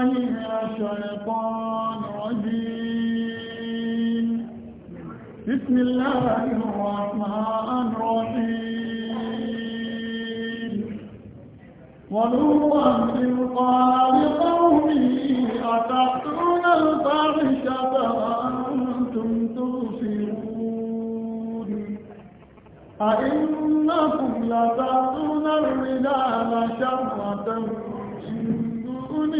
الله شيطان رجيم بسم الله الرحمن الرحيم ونور إذ قال لقومه أتأتون الفاحشة وأنتم تبصرون أئنكم لتأتون الرجال شرة من دون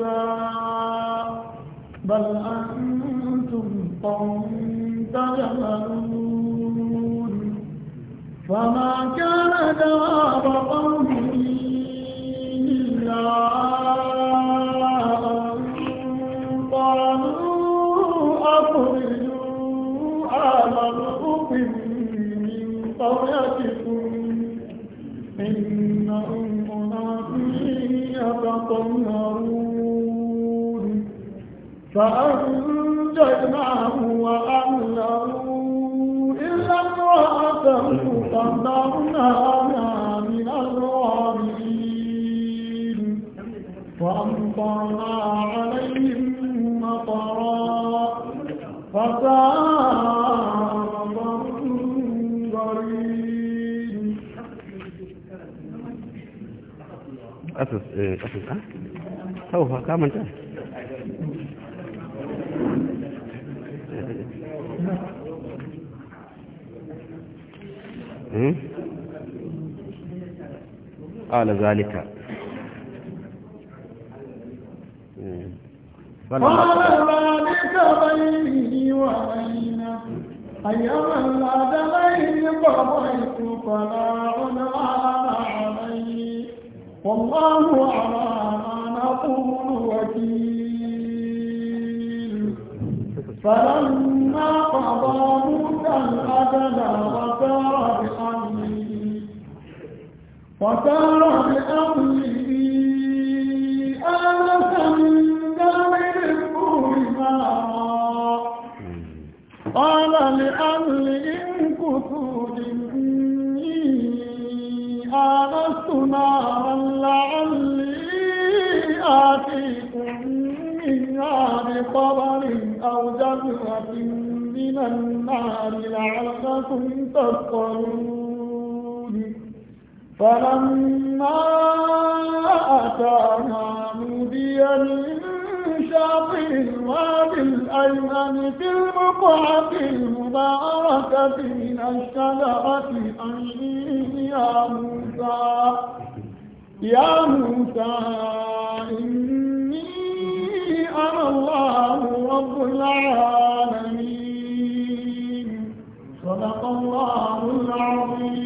النساء بل أنتم قوم تجهلون فما كان جواب قومه إلا أن قالوا أخرجوا آل لوط من قريتكم إنهم أناس يتطهرون فأنجدناه وأهله إلا امرأته قدرناها من الغابرين فأمطرنا عليهم مطرا فساء أسس أسس أه؟ هو كامل إيه؟ قال ذلك قال ذلك بيني وبينك أيما بيني قضيت فلا عنوان عليه والله على ما نقول وكيل فلما قضى موسى الأجل وسار بأمره وسار بأمره آنس من دار الكور نارا قال لأهلهم كثوا إني آنست نارا لعلي آتيكم منها بخبر أو من النار لعلكم تذكرون فلما أتاها نودي من شاطئ الوادي الأيمن في البقعة المباركة من الشجرة أن يا موسى يا موسى إني أنا الله رب العالمين صدق الله العظيم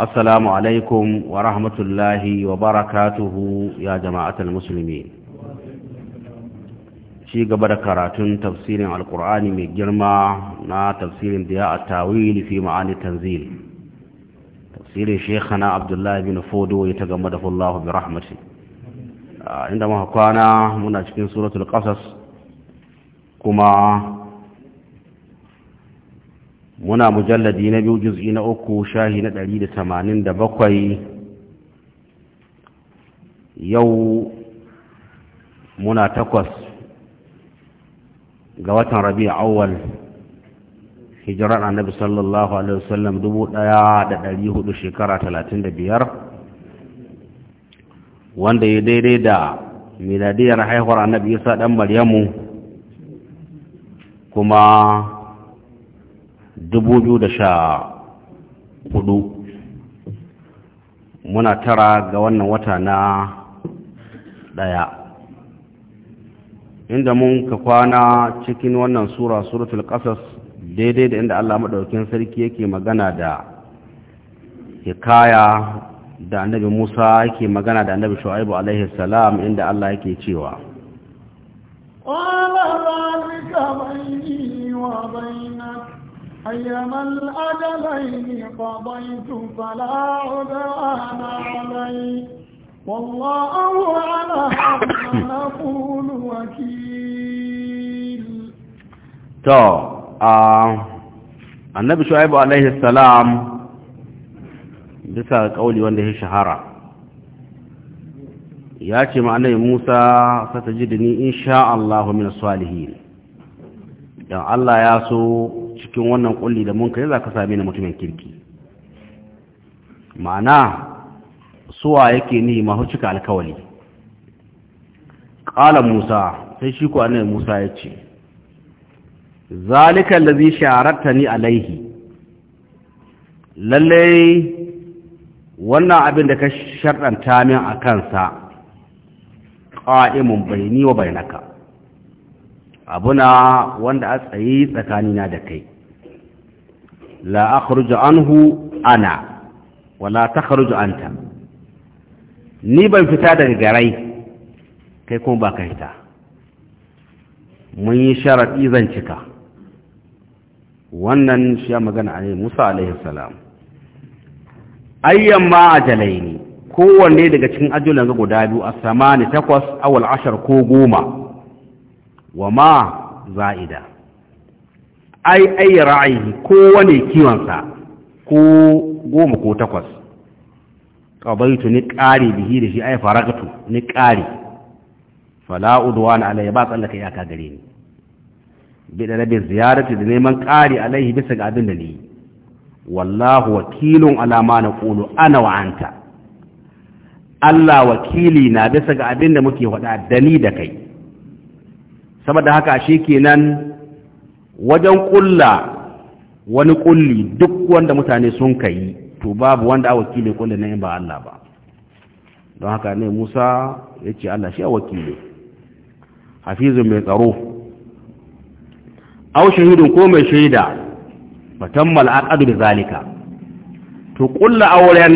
السلام عليكم ورحمة الله وبركاته يا جماعة المسلمين شيء قبل كراتون تفسير القرآن من جرمى نا تفسير ضياء التاويل في معاني التنزيل تفسير شيخنا عبد الله بن فودو يتقمده الله برحمته عندما كان من سورة القصص كما muna mujalladi na biyu juz'i na uku shahi na ɗari da tamanin da bakwai yau muna takwas ga watan rabi awal hijirar annabi sallallahu alaihi wasallam dubu ɗaya da ɗari hudu shekara talatin da biyar wanda ya daidai da miladiyar haihuwar annabi isa ɗan maryamu kuma Dubu biyu da hudu muna tara ga wannan wata na ɗaya. inda mun ka kwana cikin wannan sura suratul ƙasas daidai da inda Allah Maɗaukin sarki yake magana da hikaya da annabi Musa yake magana da annabi Shu'aibu alaihi salam inda Allah yake cewa أيما الأجلين قضيت فلا عدوان علي والله على ما نقول وكيل تو النبي شعيب عليه السلام bisa kauli wanda ya shahara ya ce sata ji da ni, insha Allah min salihin don Allah ya so cikin wannan kulli da ya za ka sami ni mutumin kirki ma'ana suwa yake ni mahu cika alkawali ƙala musa sai shi kuwa annabi musa ya ce zalika allazi sharatta ni alaihi lallai wannan abin da ka sharɗanta min a kansa bai ni wa bainaka abuna wanda a tsaye tsakanina da kai la akhruju anhu ana wala takhruju anta ni ban fita daga garai kai kuma ba ka fita mun yi sharaɗi zan cika wannan shi ya magana a musa alaihi Ai yamma ma ajalai ne kowanne daga cikin ajulan ga guda biyu a samani takwas awal ashar ko goma wa ma za'ida ai ai ra'ayi kowane sa ko goma ko takwas ƙabaitu ni ƙari bihi da shi ai faragatu ni ƙari fala udwan alayya ba tsallaka aka gare ni bi da rabin ziyarati da neman ƙari alayhi bisa ga abin da ni wallahu wakilun alama na ƙulu ana wa anta Allah wakili na bisa ga abin da muke faɗa da ni da kai saboda haka shi kenan wajen kulla wani kulli duk wanda mutane sun kai to babu wanda a wakili kulli na yin ba Allah ba don haka ne Musa ya ce Allah shi a wakili Hafizu mai tsaro au shahidun ko mai shaida fatammal aqadu bi zalika to kulla auren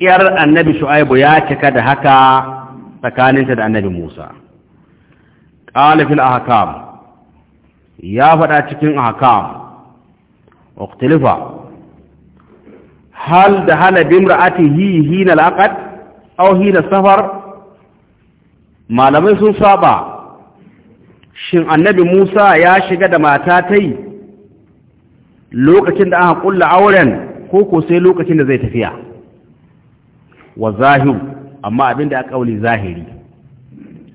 yar annabi shu'aibu ya cika da haka tsakaninta da annabi Musa qala fil ahkam ya faɗa cikin haka, uktilifa hal da hana bimra'atihi hina al au hina safar malamai sun saba shin annabi Musa ya shiga da mata yi lokacin da aka kulla auren ko ko sai lokacin da zai tafiya wa zahiru, amma abinda aka kauli zahiri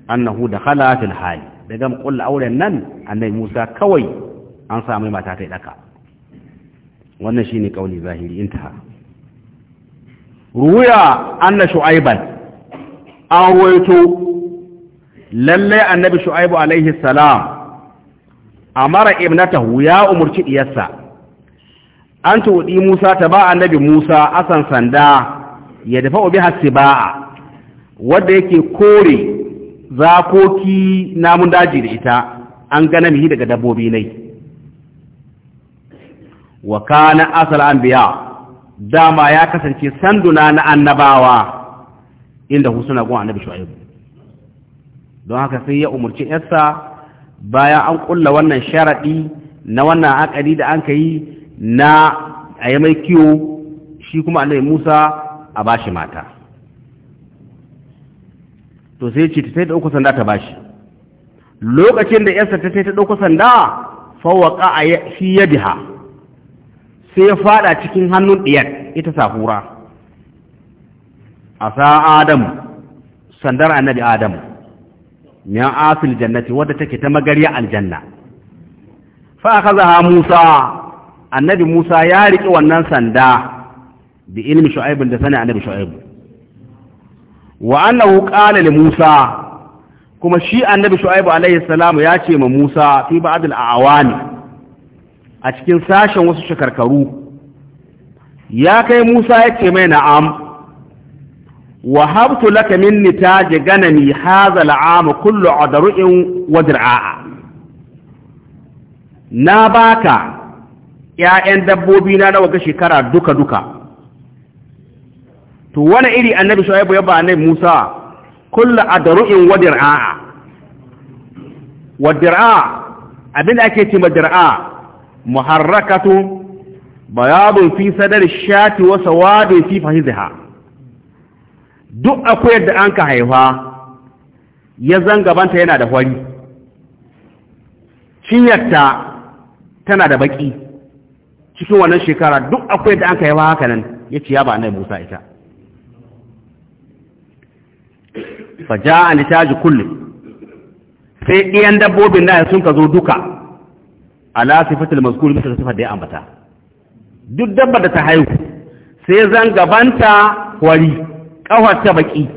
annahu da fil hali daga gama auren nan annai musa kawai an samu mata ta ɗaka. wannan ne kauli zahiri intaha ruya anna shu'aiban an ruwaito lallai annabi shu'aibu alaihi salam mara ibnatahu ya umarci diyarsa an tuɗi musa ta ba annabi musa asan sanda ya dafa obi hasiba'a wadda yake kore zakoki namun daji da ita an gana mihi daga dabbobi nai wa kana asal anbiya dama ya kasance sanduna na annabawa inda hu suna annabi shu'aibu don haka sai ya umarci yarsa bayan an kulla wannan sharadi na wannan akari da an kai na a mai kiwo shi kuma annabi Musa a bashi mata to sai ce ta ɗauko sanda ta bashi lokacin da yarsa ta ta ɗauko sanda fawaka a shi fi yadiha sai ya fada cikin hannun ɗiyar ita safura a sa adam sandar annabi adam min afil jannati wadda take ta magariya aljanna fa akazaha musa annabi musa ya riƙe wannan sanda da ilmi shu'aib da sani annabi shu'aib wa annahu qala li Musa kuma shi annabi Shu'aibu alaihi salam ya ce ma Musa fi ba'd al-awani a cikin sashen wasu shakarkaru ya kai Musa ya ce mai na'am wa habtu laka minni taji ganami hadha al-am kullu adru'in wa dir'a na baka 'ya'yan dabbobi na nawa ga shekara duka duka to wani iri annabi shu'aibu ya ba Musa kullu adru'in wa dir'a wa dir'a abinda ake ce ma dir'a muharrakatu bayadu fi sadar shati wa sawadi fi fahizha duk akwai yadda an ka haifa ya zangabanta yana da hwari cinyarta tana da baki cikin wannan shekara duk akwai yadda an ka haifa haka nan ya ce ba nai Musa ita fa ja'a li kulli sai iyan dabbobin da sun ka zo duka ala sifatul mazkur bisa sifat da ya ambata duk dabba da ta haihu sai zan gabanta kawar ta baki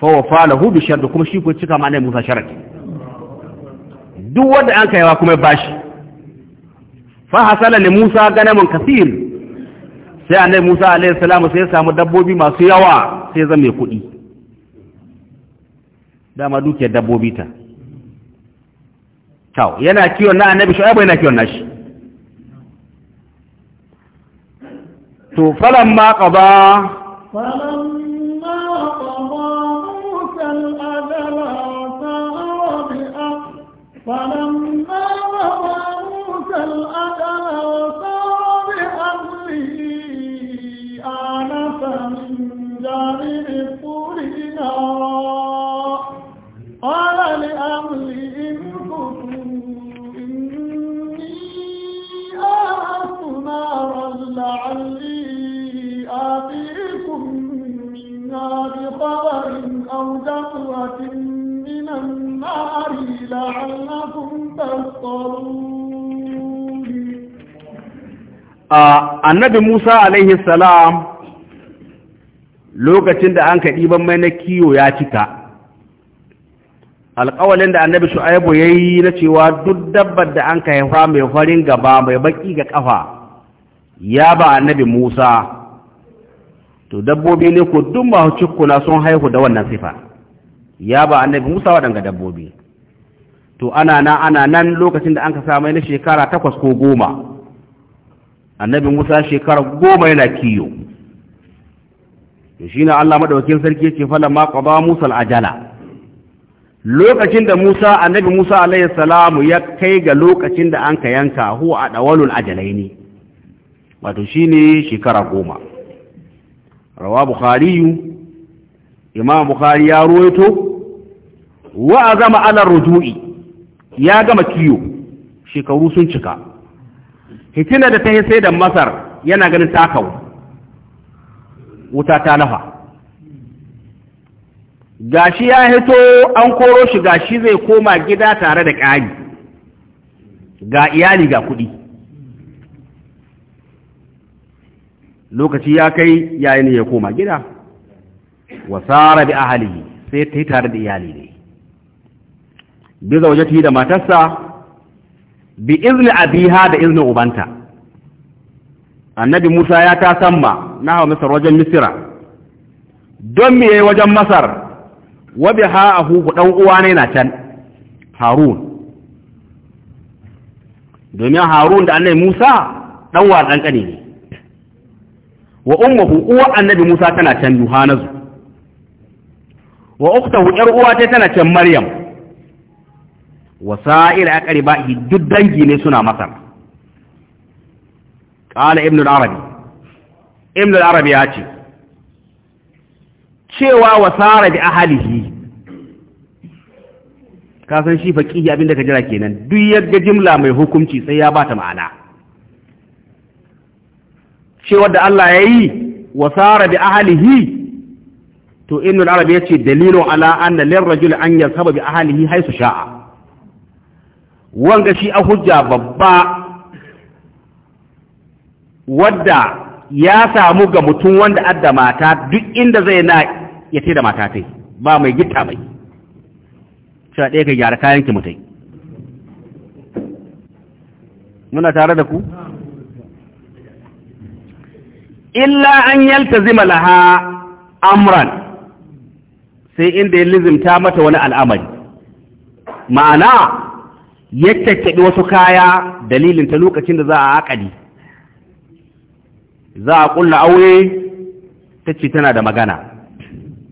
fa wa lahu bi sharri kuma shi ko cika ma ne musa sharri duk wanda an kaiwa kuma bashi fa hasala li musa ganamun kasir sai annabi musa alaihi salamu sai ya samu dabbobi masu yawa sai mai kuɗi dama dukiyar dabbobi ta kyau yana kiwon na annabi bai yana kiwon nashi to falon ma ba falon annabi Musa alaihi salam lokacin da an kaɗi ban mai na kiyo ya cika alƙawalin da annabi shu'aibu ya yi na cewa duk dabbar da an kai fa mai farin gaba mai baki ga ƙafa ya ba annabi musa to dabbobi ne ko duk masu cikuna sun haihu da wannan sifa ya ba annabi musa waɗanga dabbobi to ana nan ana nan lokacin da an ka samai na shekara takwas ko goma annabi musa shekara goma yana kiyo shi na allah maɗaukin sarki ce fala ma ƙaba musa al'ajala lokacin da Musa annabi Musa alaihi salamu ya kai ga lokacin da an ka yanka huwa a dawalul ajalaini wato shine shekara goma rawa bukhari imam bukhari ya ruwaito wa azama ala ruju'i ya gama kiyo shekaru sun cika hitina da ta yi sai da masar yana ganin takawa wuta ta lafa gashi ya hito an koro shi gashi zai koma gida tare da ƙari ga iyali ga kuɗi lokaci ya kai ne ya koma gida wasara bi ahalihi sai ta yi tare da iyali ne bi zaujati da matarsa bi izni abiha da izni ubanta annabi Musa ya ta samma na hawa misar wajen misira don me yayi wajen masar wa ha ahu dan uwa ne na can harun domin harun da annabi musa dan wa dan kane ne wa ummuhu uwa annabi musa tana can yuhanazu wa uktahu yar uwa ta tana can maryam wa sa'ir aqribahi duk dangi ne suna masar qala ibn arabi ibn arabi ya ce cewa wa sara bi ahlihi ka san shi faqihi abin da ka jira kenan duk yadda jimla mai hukunci sai ya bata ma'ana cewa da Allah ya wa sara bi ahlihi to ibn al-arabi yace dalilu ala anna lirrajul an yasaba bi ahlihi haythu sha'a wanga shi a hujja babba wadda ya samu ga mutum wanda adda mata duk inda zai na ya da mata tai ba mai gita mai cewa ɗaya ka gyara kayan ki mutai muna tare da ku illa an yalta zima laha amran sai inda ya lizimta mata wani al'amari ma'ana ya tattaɓi wasu kaya dalilin ta lokacin da za a akali za a ƙulla aure ta ce tana da magana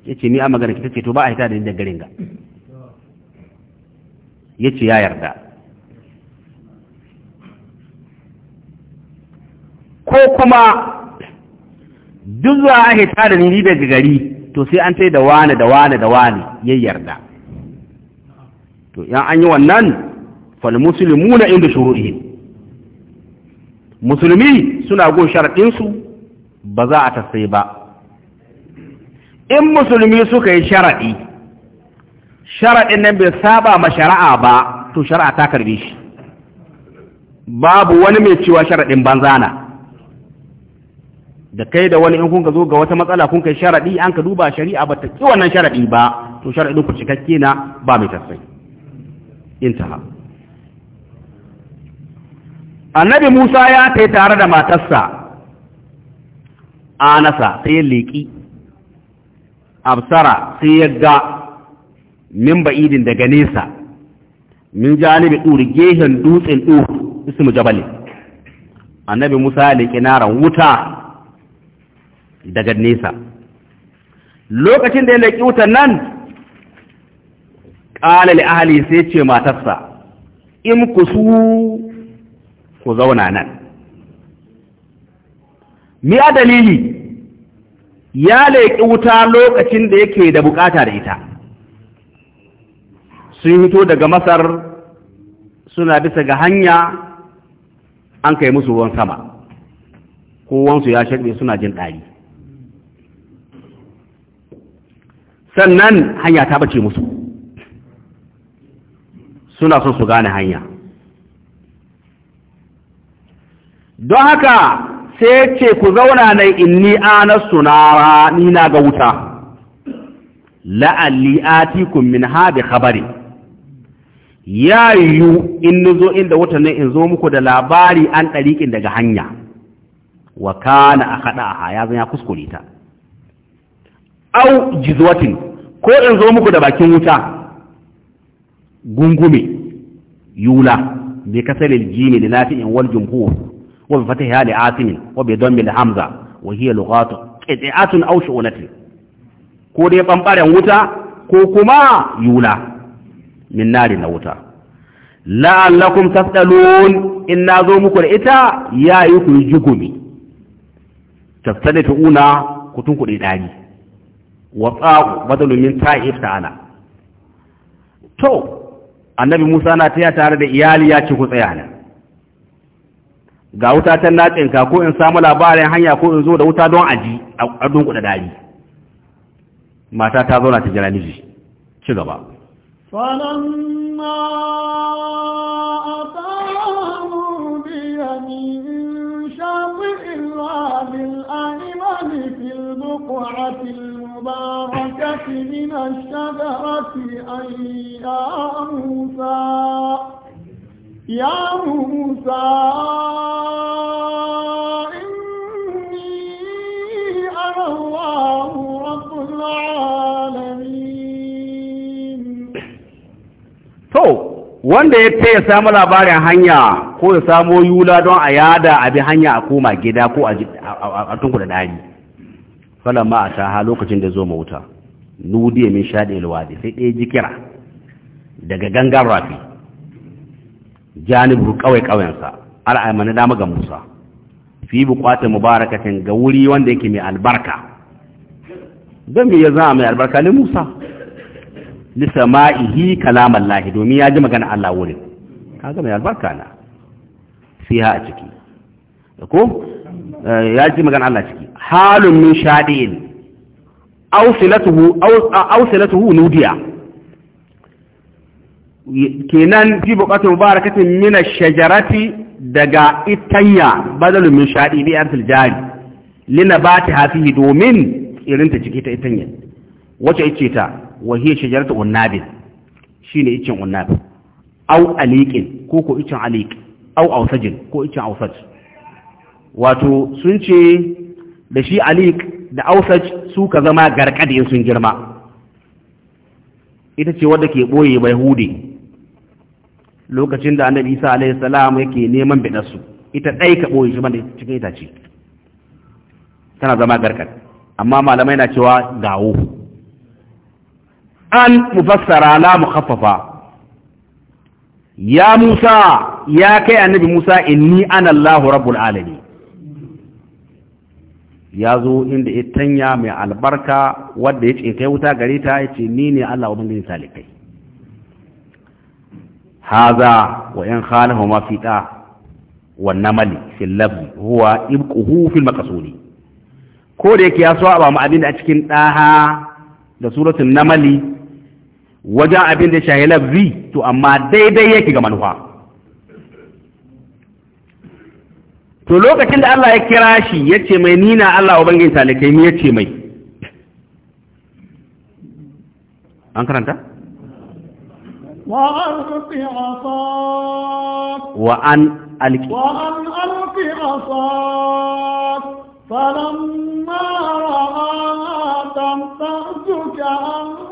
ya ce ni a magana ki ta ce to ba a hita da ni da garin ga ya ce ya yarda ko kuma duk zuwa a hita da ni daga gari to sai an tai da wane da wane da wane ya yarda to yan an yi wannan fal na inda shuruɗi? musulmi suna gun sharaɗinsu ba za a tasai ba in musulmi suka yi sharaɗi sharaɗin nan bai saba ma shari'a ba to shari'a ta karbe shi babu wani mai cewa sharaɗin banzana da kai da wani in kun ka zo ga wata matsala kun kai sharaɗi an ka duba shari'a ba ta ƙi wannan sharaɗi ba to sharaɗin ku cikakke na ba mai tasai intaha annabi musa ya kai tare da matarsa anasa sai ya leƙi absara sai ya ga min ba'idin daga nesa min janibi ɗuri gehen dutsen ɗuri ismu jabali annabi musa ya leƙi naran wuta daga nesa lokacin da ya leƙi wutan nan ƙala li ahali sai ce matarsa in ku su ku zauna nan mi a dalili ya leƙi wuta lokacin da yake da bukata da ita sun hito daga masar suna bisa ga hanya an kai musu ruwan sama kowansu ya shaɗe suna jin ɗari sannan hanya ta bace musu suna son su gane hanya don haka sai ce ku zauna na inni ana sunara ni na ga wuta la'alli tikun min ha bi ya yiwu in ni zo inda wata ne in zo muku da labari an ɗariƙin daga hanya wa kana a haɗa a ya zan ya kuskure ta au jizwatin ko in zo muku da bakin wuta gungume yula bi kasalil jini li nafi'in wal jumhur wa bi fatiha li asimin wa bi dammi li hamza wa hiya lughatu qit'atun aw shu'latin ko dai bambaren wuta ko kuma yula min nari na wuta la'allakum tafdalun in na zo muku da ita ya yi ku jigumi tafsada ta una kutun kuɗi ɗari wa tsaku badalun min ta'if ta'ala to annabi musa na taya tare da iyali ya ci ku tsaya nan ga wuta ta ka ko in samu labarin hanya ko in zo da wuta don aji a ɗin kuɗa ɗari mata ta zauna ta jira ci gaba فلما أتاه بيمين شاطئ الوادي الأيمن في البقعة المباركة من الشجرة أي يا موسى يا موسى إني أنا الله رب العالمين wanda ya ta ya samu labarin hanya ko ya samo yula don a yada abi hanya a koma gida ko a tunku da dari falon ma a ha lokacin da zo mawuta nudiya min shaɗe da sai ɗaya ji daga gangan rafi janibu kawai kawayensa na dama ga musa fi buƙatar mubarakatin ga wuri wanda yake mai albarka don me ya a mai albarka ne musa li sama'ihi kalaman lahi domin ya ji magana Allah wurin kaga mai albarka na fiha a ciki ko eh, ya ji magana Allah ciki halun min shadi'in aw silatuhu aw silatuhu nudiya kenan fi buƙatar mubarakatin min ash-shajarati daga itanya badalun min shadi bi arfil jari linabati hafihi domin irin ta ciki ta itanya wace ice ta wa hiya shajaratu unnabin shine icin unnabi au aliqin ko ko icin aliq au ausajin ko icin ausaj wato sun ce da shi aliq da ausaj su ka zama garkade sun girma ita ce wadda ke boye bai hude lokacin da annabi isa alaihi salam yake neman bidarsu ita ɗai ka boye shi bane cikin itace tana zama garkad amma malamai na cewa gawo an mufassara la mukhaffafa ya Musa ya kai annabi Musa inni ana Allahu rabbul alamin ya zo inda ya tanya mai albarka wadda ya ce kai wuta gare ta ya ce ni ne Allah wa bangin kai. haza wa yan khalafa ma fi da wa namali fil lafzi huwa ibquhu fil maqsudi ko da yake ya so a ba mu abin da a cikin daha da suratul namali wajen abin da shahi lafzi to amma daidai yake ga manufa to lokacin da Allah ya kira shi ya ce mai nina Allah wa bangin talikai ni ya ce mai an karanta? wa'an alƙi wa'an alƙi asad falamma ra'a tamtar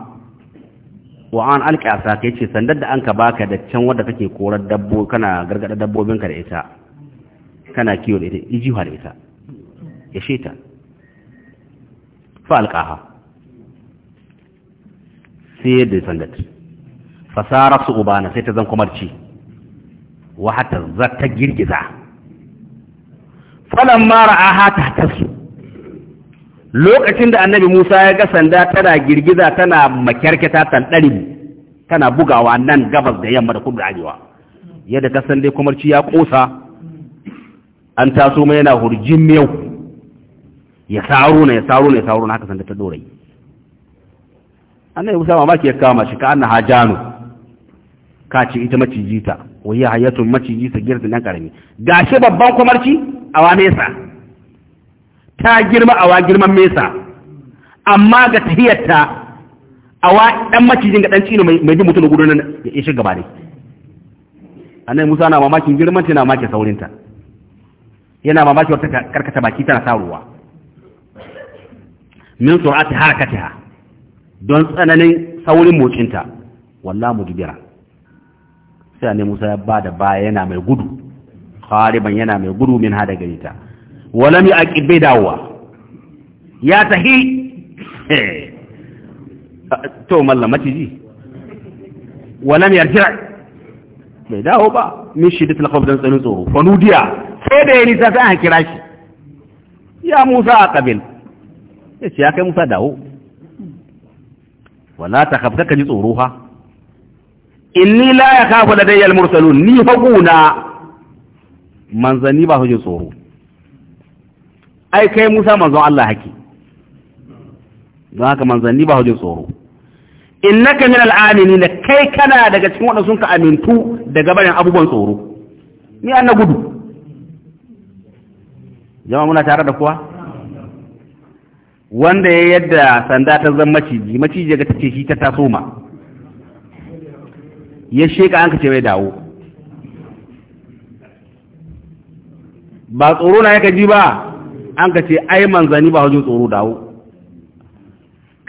wa'an alƙasa ka ce, sandar da an ka baka da can wadda kake korar dabbo kana gargada dabbobin ka da ita kana kiwo da ita ijiwa da ita ya sheta fa alqaha sai da sandar fasara su ubana sai ta zan kumarci wa hatta za ta girgiza falan mara aha ta tasu lokacin da annabi Musa ya ga sanda tana girgiza tana makyarketa tanɗari tana bugawa nan gabas da yamma da kudu da arewa yadda ka san dai kumarci ya ƙosa an taso mai yana hurjin miyau ya saro na ya saro na ya saro ne haka sanda ta dorai annabi Musa mamaki ya kama shi ka anna hajanu ka ce ita maciji ta wai ya hayatun maciji ta girtin nan karami gashi babban kumarci a wa sa. ta girma awa girman mesa amma ga tahiyarta awa dan macijin ga dan cino mai jin mutum da gudunan ya ishe gaba A nan Musa na mamakin girman ta na mamakin saurinta yana mamakin wata karkata baki tana saruwa min sur'ati harakatiha don tsananin saurin mocinta walla mudbira sai ne Musa ya bada baya yana mai gudu khariban yana mai gudu min hada garita walam ya aƙi bai dawowa ya tahi to mallam maciji walam ya jira bai dawo ba min shi da talakawar don tsanin tsoro fanudiya sai da ya nisa sai an kira shi ya musa a ƙabil ya ce ya kai musa dawo wala ta kafta ka ji tsoro ha inni la ya kafa da ladayyar mursalun ni haguna manzanni ba su tsoro ai kai Musa manzon Allah hake don haka manzanni ba hujin tsoro innaka min al'aminina kai kana daga cikin wanda sun ka amintu daga barin abubuwan tsoro ni an na gudu jama'a muna tare da kuwa wanda ya yadda sanda ta zama maciji maciji ga take shi ta taso ma ya sheka an kace mai dawo ba tsoro na yaka ji ba an ka ce ai manzanni ba hujjin tsoro dawo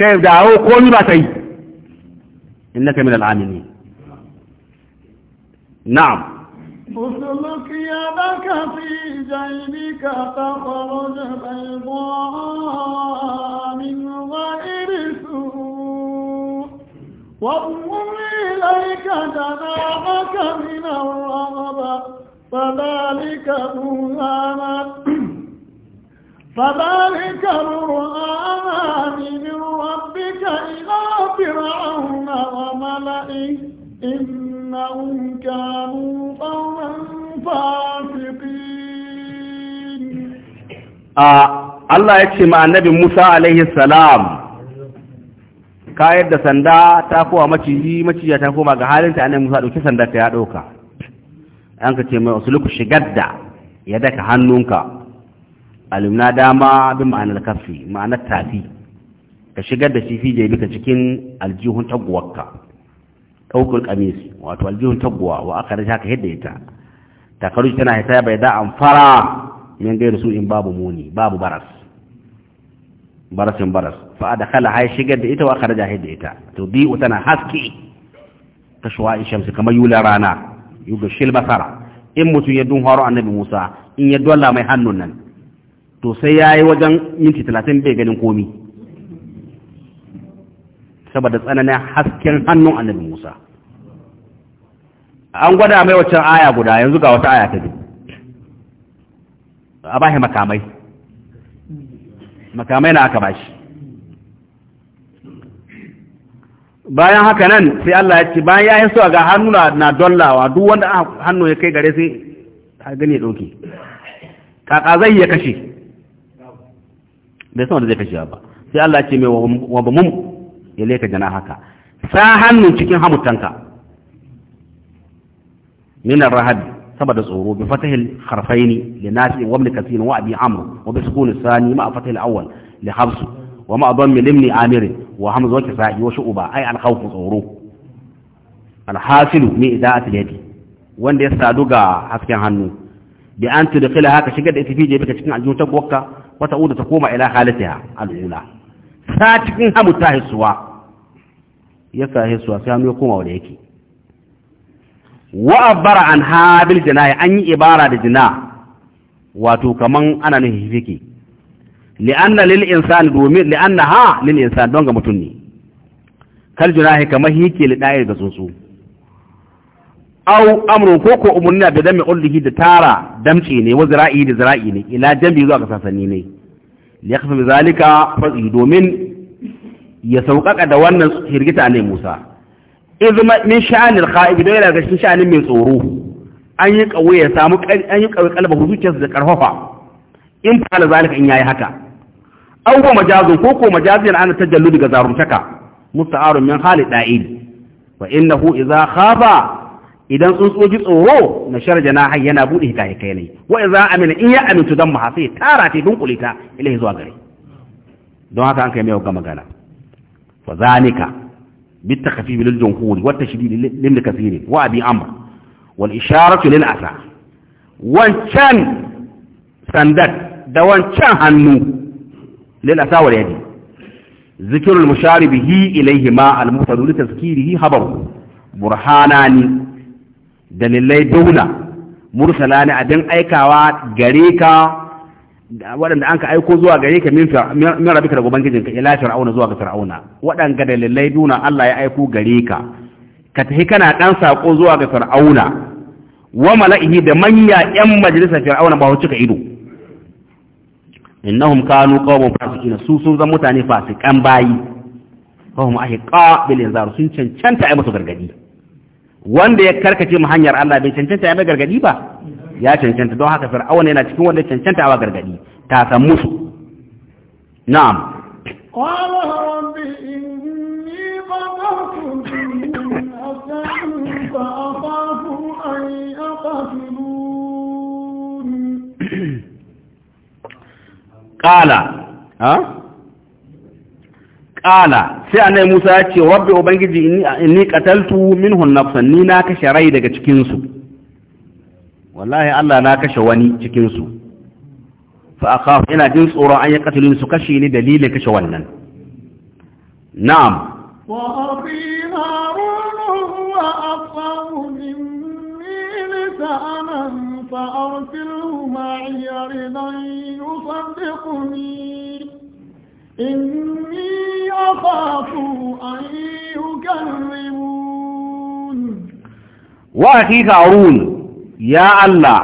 kai dawo komi ba ta yi innaka min al'amini na'am اسلك يدك في جيبك تخرج بيضاء من غير سوء واضم إليك جناحك من الرغبة فذلك برهانك فذلك القرآن من ربك إلى فرعون وملئه إنهم كانوا قوما فاسقين الله ya عن ma موسى عليه السلام ka yadda sanda ta kowa maciji maciya ta koma ga halinta a nan Musa ɗauki sanda ta ya ɗauka an ka ce mai wasu shigar da ya daka hannunka alimna dama bi ma'anar kafi ma'anar tafi ka shigar da shi fije bika cikin aljihun taguwarka ɗaukul kamis wato aljihun taguwa wa aka rasha ka hidda ita takaruci tana hita bai da an fara min gairu su in babu muni babu baras barasin baras fa da kala hai shigar da ita wa aka rasha hidda ita to bi tana haske ta shuwa ishamsu kamar yula rana yuga shil basara in mutum ya dun haro annabi musa in ya dolla mai hannun nan to sai ya yi wajen minti talatin bai ganin komi saboda tsananin hasken hannun annabi musa an gwada mai waccan aya guda yanzu ga wata aya ta biyu a bashi makamai makamai na aka bashi bayan haka nan sai Allah ya ce bayan ya yi hiso ga hannu na dollawa duk wanda hannu ya kai gare sai gani ya ɗauke kaka zai ya kashe bai san wanda zai kashe ba sai Allah ce mai wa mun ya leka jana haka sa hannun cikin hamutanka min ar saboda tsoro bi fatahil harfaini li nafi wa ibn kathir wa abi amr wa bi sukun ma fatahil awwal li habs wa ma amir wa hamza wa wa shu'ba ay al-khawf tsoro al al-yadi wanda ya sadu ga hasken hannu bi an tudkhila haka shiga da ita fi bika cikin aljihun tagwakka wata uda ta koma ila halittaya al'ula ta cikin hamu ta ya sa hissuwa sai hannu ya koma da yake wa an habil jina'i an yi ibara da jina wato kaman ana nufi fiki li'anna lil insani domin li'anna ha lil insani don ga mutum ne kal jina'i kamar hike li da'ir da tsuntsu au amrun ko ko umurna da dami ullihi da tara damce ne wa zira'i da zira'i ne ila jambi zuwa ga sasanni ne li yakhfa zalika fazi domin ya sauƙaƙa da wannan hirgita ne Musa izma min sha'anil kha'ib da yana ga cikin mai tsoro an yi kawai ya samu an yi da karfafa in fa'ala zalika in yayi haka aw ko majazun ko ko majazin ana tajalludi ga zaruntaka musta'arun min hali da'il wa innahu idza khaba idan sun tsoji tsoro na sharja na hay yana bude hika hika ne wa za a amina in ya amintu dan mahasi tara ta dunkule ta ilahi zuwa gare don haka an kai mai ga magana fa zalika bit takhfif lil jumhur wa tashdid lil kathir wa abi amr wal isharatu lil asa wancan sandat da wancan hannu lil asa wal yadi ذكر المشار به إليهما المفضل لتذكيره خبر برهانان dalilai daula mursala ne abin aikawa gare ka waɗanda an ka aiko zuwa gare ka min rabika daga ubangijinka ila fir'auna zuwa ga fir'auna waɗanga dalilai duna Allah ya aiko gare ka ka tafi kana ɗan saƙo zuwa ga fir'auna wa mala'ihi da manya ƴan majalisar fir'auna ba cika ido innahum kanu qawmun fasiqina su sun zama mutane fasikan bayi fahum ahiqa bil inzar sun cancanta ai musu gargadi wanda ya karkace mu hanyar Allah bai cancanta ya mai gargadi ba ya cancanta don haka fir'auna yana cikin wanda cancanta wa gargadi ta san musu na'am qala rabbi inni baghawtu qala ha قال سيانا موسى يقول ربي وبنجي إني قتلت منه النفس إني ناكش رايدك تشكينسو والله الله ناكش واني تشكينسو فأخاف إنا جنس أرعي قتل سكشي لدليل كش ونن نعم وأخي هارون هو أفضل مني لسانا فأرسله معي رضا يصدقني إني أخاف أن يكذبون وأخيك هارون يا الله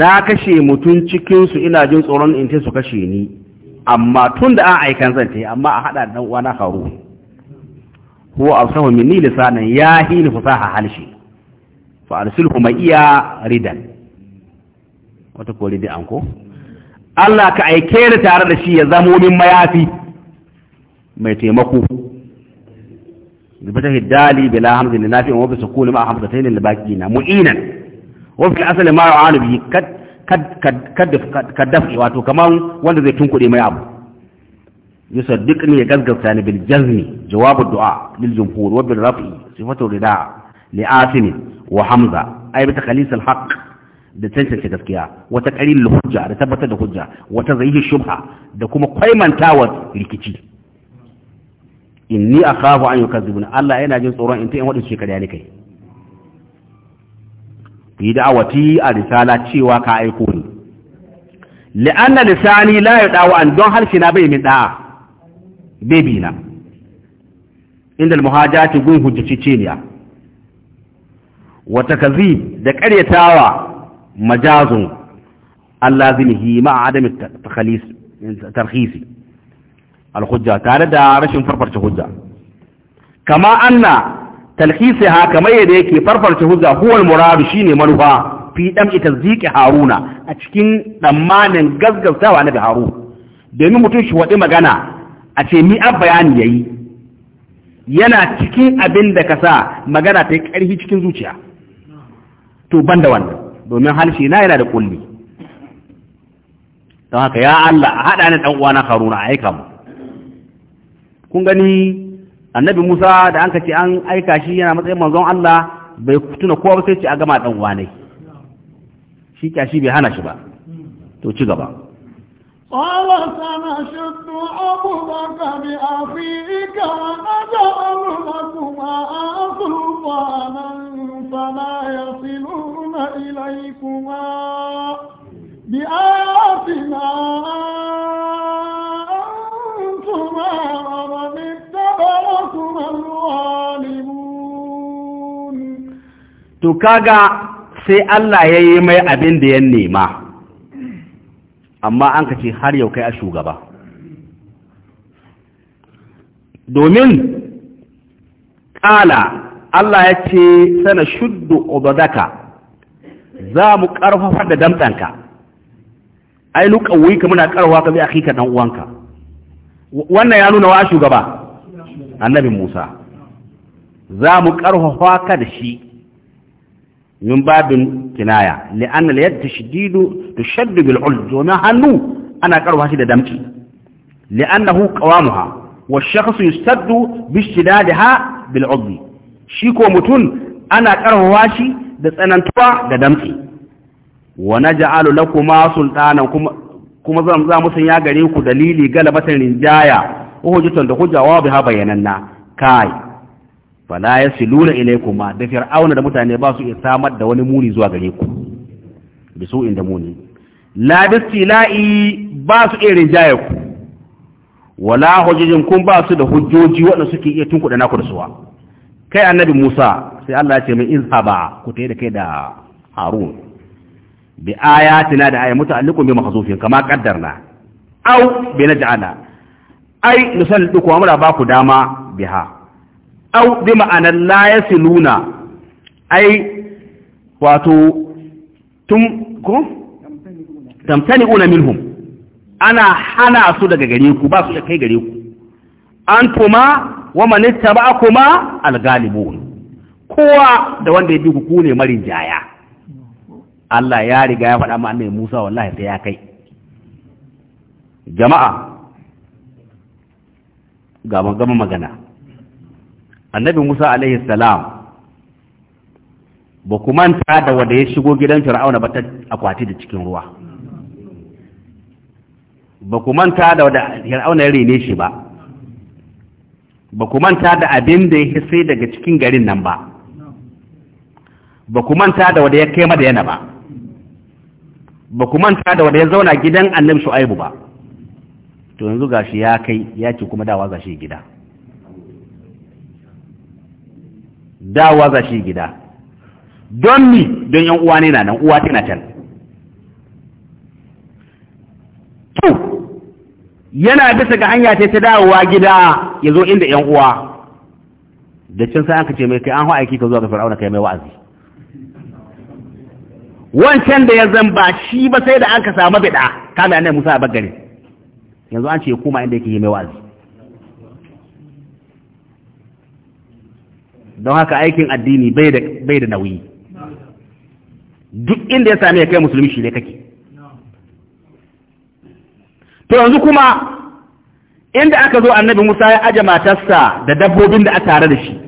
na kashe mutum cikinsu ina jin tsoron in ce su kashe ni amma tun da an aikan zan ta amma a haɗa da uwana haru huwa afsahu minni lisanan ya hini fasaha halshi fa arsilhu iya ridan wata ko ridan ko Allah ka aike ni tare da shi ya zamo min mayafi mai taimako بفتح الدال بلا همز لنافع وبسكون مع حمزتين الباقين معينا وفي الاصل ما يعان به kad kad kad قد كدف واتو kaman wanda zai tunkude mai abu yusaddiqni ya gazgazta ni bil jazmi jawab ad-du'a lil jumhur wa bil raf'i sifatu ridaa li asim wa hamza ay bi takhlis al-haqq da tantance gaskiya wata ƙarin hujja da tabbatar da hujja wata zaihi shubha da kuma kwaimantawar rikici inni akhafu an yukazzibuna Allah yana jin tsoron in ta in wadin shekara ne kai yi da'awati a risala cewa ka aiko ni li'anna lisani la yadawu an don harshe na bai min da'a bebi na inda muhajati gun hujjaci ce ne wa da karyatawa. majazun allazimihi ma adami takhalis tarhisi tare da rashin farfarce hujja kama anna talhisiha kamar yadda yake farfarce hujja huwal muradu shine manufa fi dam tasdiqi haruna a cikin damanin gaggauta na bi harun domin mutum shi wadi magana a ce ni a bayani yayi yana cikin abin da ka sa magana ta yi ƙarfi cikin zuciya to ban da wannan domin halshi na yana da kulli don haka ya Allah a haɗa ni ɗan uwana Haruna a aika mu kun gani annabi Musa da an ce an aika shi yana matsayin manzon Allah bai tuna kowa sai ce a gama ɗan uwanai shi kyashi bai hana shi ba to ci gaba قال سنشد عضدك بأخيك ونجعل لكما سلطانا فلا يصلون إليكما بآياتنا أنتما ومن اتبعكما الظالمون تكاغا sai Allah ya yi mai abin da ya nema. amma an ka ce har yau kai a shugaba domin ƙala Allah ya ce sana shuddu obadaka za mu ƙarfafa da damtanka ai nuka wuyi ka muna ƙarfafa ka bi a kika ɗan uwanka wannan ya nuna wa shugaba annabi Musa za mu ƙarfafa ka da shi min babin kinaya li'anna al-yad tashdidu tashaddu bil 'ul domin hannu ana karwa shi da damci li'annahu qawamuha wa ash-shakhsu yustaddu bi ishtidadiha bil 'udbi shi ko mutun ana karwa shi da tsanantuwa da damci wa naj'alu lakuma sultanan kuma kuma za mu sanya gare ku dalili galabatan rinjaya hujjatan da hujja wa biha bayananna kai fala yasiluna ma da fir'auna da mutane ba su iya samar da wani muni zuwa gare ku bi su inda muni la bistila'i ba su iya rinjaye ku wala hujjojin kun ba su da hujjoji waɗanda suke iya tunkuɗa naku da suwa kai annabi Musa sai Allah ya ce mai izhaba ku tayi da kai da Harun bi ayatina da ayatu muta'alliqun bi mahzufin kama qaddarna aw bi naj'ala ai nusalliku amra ba ku dama biha au bi ma'anar la yasiluna ai wato tun ko tamtani minhum ana hana su daga gare ku ba su da kai gare ku antuma wa man ittaba'akuma al-ghalibun kowa da wanda ya bi ku ne marin jaya Allah ya riga ya faɗa ma annabi Musa wallahi sai ya kai jama'a ga magana annabi Musa alaihi salam ba ku manta da wanda ya shigo gidan fir'auna ba ta akwati da cikin ruwa ba ku manta da wanda fir'auna ya rene shi ba ba ku manta da abin da ya sai daga cikin garin nan ba ba ku manta da wanda ya kai da yana ba ba ku manta da wanda ya zauna gidan annabi shu'aibu ba to yanzu gashi ya kai ya ce kuma dawa gashi gida dawa za shi gida don ni don yan uwa ne na nan uwa tana can to yana bisa ga hanya ta dawowa gida ya zo inda yan uwa da can sai an ce mai kai an hawa aiki ka zuwa ga fir'auna kai mai wa'azi wancan da ya zan ba shi ba sai da an ka samu bid'a kamar annabi Musa a bagare yanzu an ce ya koma inda yake yi mai wa'azi don haka aikin addini bai da nauyi duk inda ya sami ya kai musulmi shi ne kake to yanzu kuma inda aka zo annabi musa ya aje matarsa da dabbobin da a tare da shi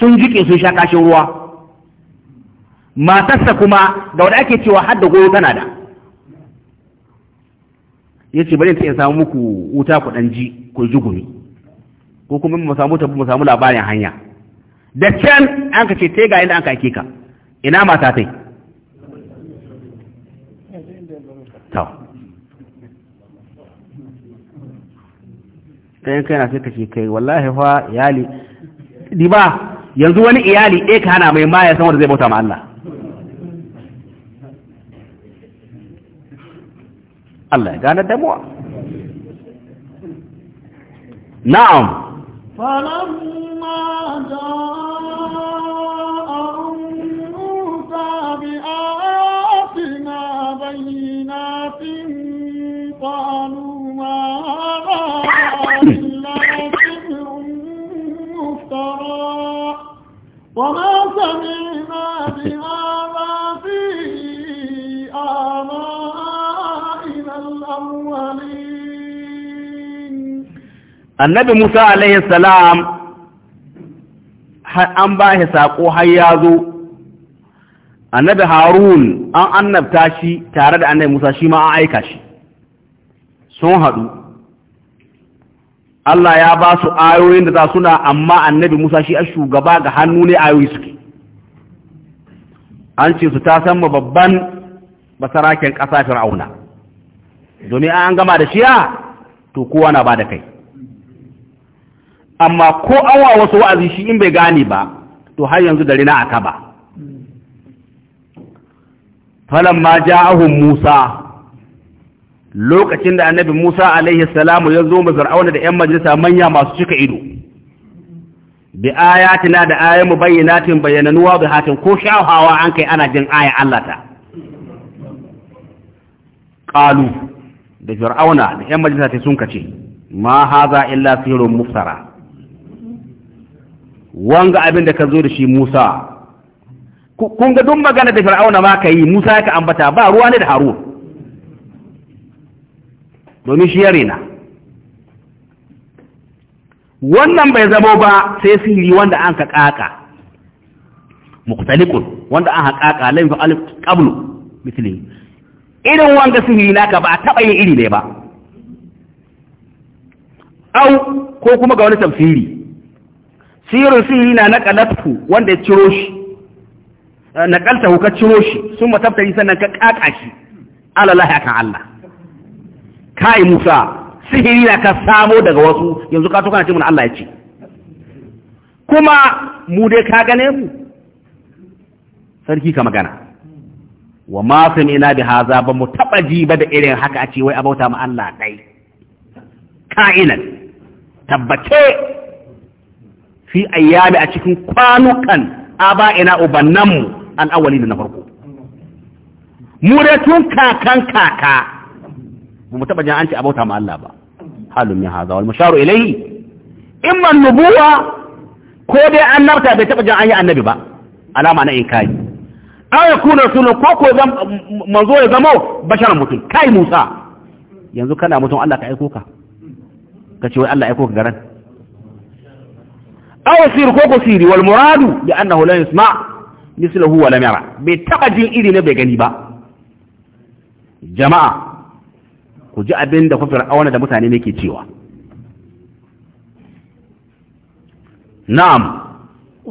sun jike sun sha kashin ruwa matarsa kuma da wanda ake cewa hadda goyo tana da ya ce bari ta samu muku wuta ku ɗan ji ku ji ko kuma mu samu tabu mu samu labarin hanya da can an ka ce te ga inda an ka ake ka ina mata tai to kai na sai ka ce kai wallahi fa iyali di ba yanzu wani iyali eh ka hana mai maya san wanda zai bauta ma Allah Allah ya gane damuwa na'am فلما جاءهم موسى بآياتنا بينات قالوا ما هذا إلا سحر مفترى وما سمعنا بهذا annabi musa alaihi salam an ba shi saƙo har ya zo annabi harun an annabta shi tare da annabi musa shi ma an aika shi sun haɗu Allah ya ba su ayoyin da za suna amma annabi musa shi a shugaba ga hannu ne ayoyi suke an ce su ta san babban basaraken ƙasa fir'auna domin an gama da shiya to kowa na ba da kai amma ko awa wasu wa'azi shi in bai gane ba to har yanzu dare na aka ba ma ja'ahum Musa lokacin da annabi Musa alaihi salamu ya zo mazar'auna da ‘yan majalisa manya masu cika ido, bi ayatina da ayan mu bayyanatin bayyananuwa da hatin ko shahawa an kai ana jin aya Allah ta. Ƙalu da fir'auna da ‘yan majalisa ta sun kace, ma haza illa sirrin muftara, wanga abin da ka zo da shi Musa kun ga duk magana da Fir'auna ma ka yi Musa ka ambata ba ruwa ne da Harun domin shi yare na wannan bai zamo ba sai sihiri wanda an ka kaka muqtalikun wanda an haƙaƙa lam fa alif qablu misli irin wanga sihiri naka ba taba yin iri ne ba au ko kuma ga wani tafsiri sirrin sihiri na naqalathu wanda ya ciro shi eh, naqaltahu ka ciro shi sun mataftari sannan ka kaka shi alallah akan Allah kai Musa sihiri na ka samo daga wasu yanzu ka to kana ce Allah ya ce kuma mu dai ka gane mu sarki ka magana wa ma sami'na bi haza ba mu taba ji ba da irin haka a ce wai abauta ma Allah dai ka'inan tabbace fi ayyami a cikin kwanukan aba'ina ubannanmu an awali da na farko mu da tun kakan kaka ba mu taɓa jan an ce abauta ma Allah ba halun ya haza wal musharu ilayhi imma nubuwa ko dai annabta bai taba jan an yi annabi ba alama na in inkari aw yakuna sunu ko ko zan manzo ya zamo basharan mutum kai Musa yanzu kana mutum Allah ka aiko ka kace wai Allah aiko ka garan aw sir ko ko siri wal muradu bi annahu la yusma mislahu wa yara bai taɓa jin iri ne bai gani ba jama'a ku ji abin da kufir awana da mutane ne ke cewa na'am